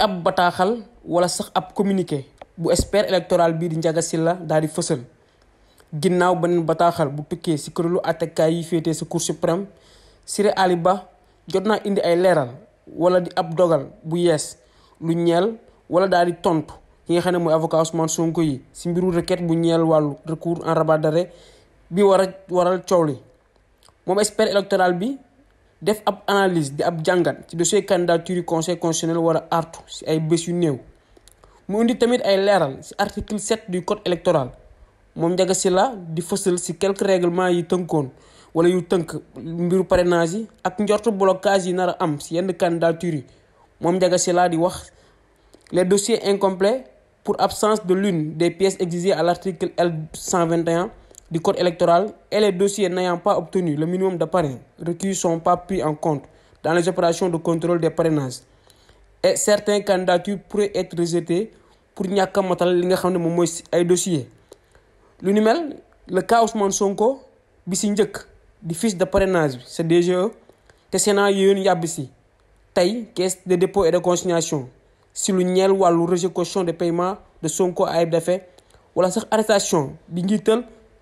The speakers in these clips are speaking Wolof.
ab bataaxal wala sax ab communiqué bu expert électoral bii di njagasi la daal di fësal ginnaaw beneen bataaxal bu tukkee si kuréelu attekaay yi féete sa cour suprême Siré Ali Ba jot naa indi ay leeral wala di ab dogal bu yees lu ñeel wala daal di tontu ki nga xam ne mooy avocat Ousmane Sonko yi si mbiru requête bu ñeel wàllu recours en rabat bi war a waral coow li moom expert électoral bi. def ab analyse di ab jàngat ci dossier candidature yi conseil constitutionnel war a artu si ay bés yu néew mu indi tamit ay leeral si article 7 du code électoral moom Ndiaga Sylla di fësal si quelques règlements yi tënkoon wala yu tënk mbiru parenage yi ak njortu blocage yi nar a am si yenn candidature yi moom Ndiaga laa di wax les dossiers incomplets pour absence de l'une des pièces exigées à l'article L 121 di code électoral et les dossiers n'ayant pas obtenu le minimum de parrains requis sont pas pris en compte dans les opérations de contrôle des parrainages et certains candidatures pourraient être rejetées pour ñàkk a motal li nga xam ne moom mooy ay dossiers lu nu mel le cas Ousmane Sonko bi si njëkk di fiche de parrainage bi sa DGE te Sénat yooyu yàbbi si tey caisse de dépôt et de consignation si lu ñeel wàllu rejet caution de paiement de Sonko ay Ayib wala sax arrestation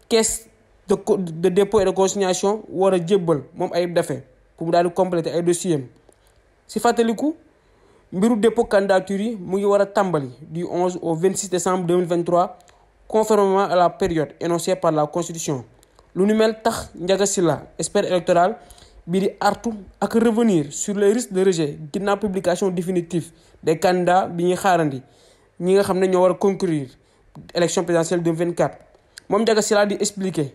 caisse de de dépôt et de consignation war a jébbal moom ay Daffé pour mu daal di compléter ay dossier am si fàttaliku mbiru dépôt candidature yi mu ngi war a tàmbali du 11 au vingt 26 décembre 2023 conformément à la période énoncée par la constitution lu nu mel tax Ndiaga Sylla expert électoral bi di artu ak revenir sur les risques de rejet ginnaaw publication définitive des candidats bi ñuy xaarandi ñi nga xam ne ñoo war a concourir élection présidentielle 2024 moom Ndiaga Sylla di expliquer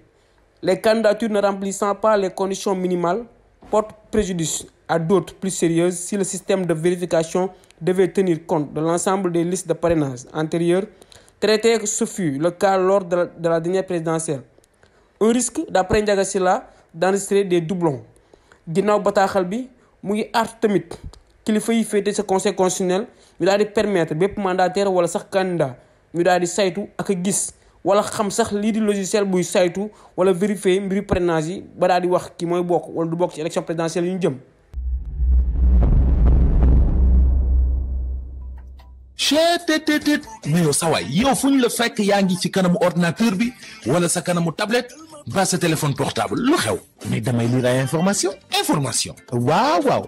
les candidatures ne remplissant pas les conditions minimales portent préjudice à d'autres plus sérieuses si le système de vérification devait tenir compte de l'ensemble des listes de parrainage antérieures traitées ce fut le cas lors de la, de la dernière présidentielle un risque d'après Ndiaga Sylla d'enregistrer des doublons ginnaaw bataaxal bi mu ngi aar tamit kilifa yi féete sa conseil constitutionnel ñu daal di permettre bépp mandataire wala sax candidat ñu daal di saytu ak gis wala xam sax lii di logiciel buy saytu wala vérifier mbiru parrainage yi ba daal di wax ki mooy bokk wala du bokk ci élection présidentielle yu ñu jëm. cheetetetet mais yow sawaay yow fu ñu la fekk yaa ngi ci kanamu ordinateur bi wala sa kanamu tablette ba sa téléphone portable lu xew mais damay lire ay information information waaw waaw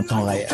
en temps réel.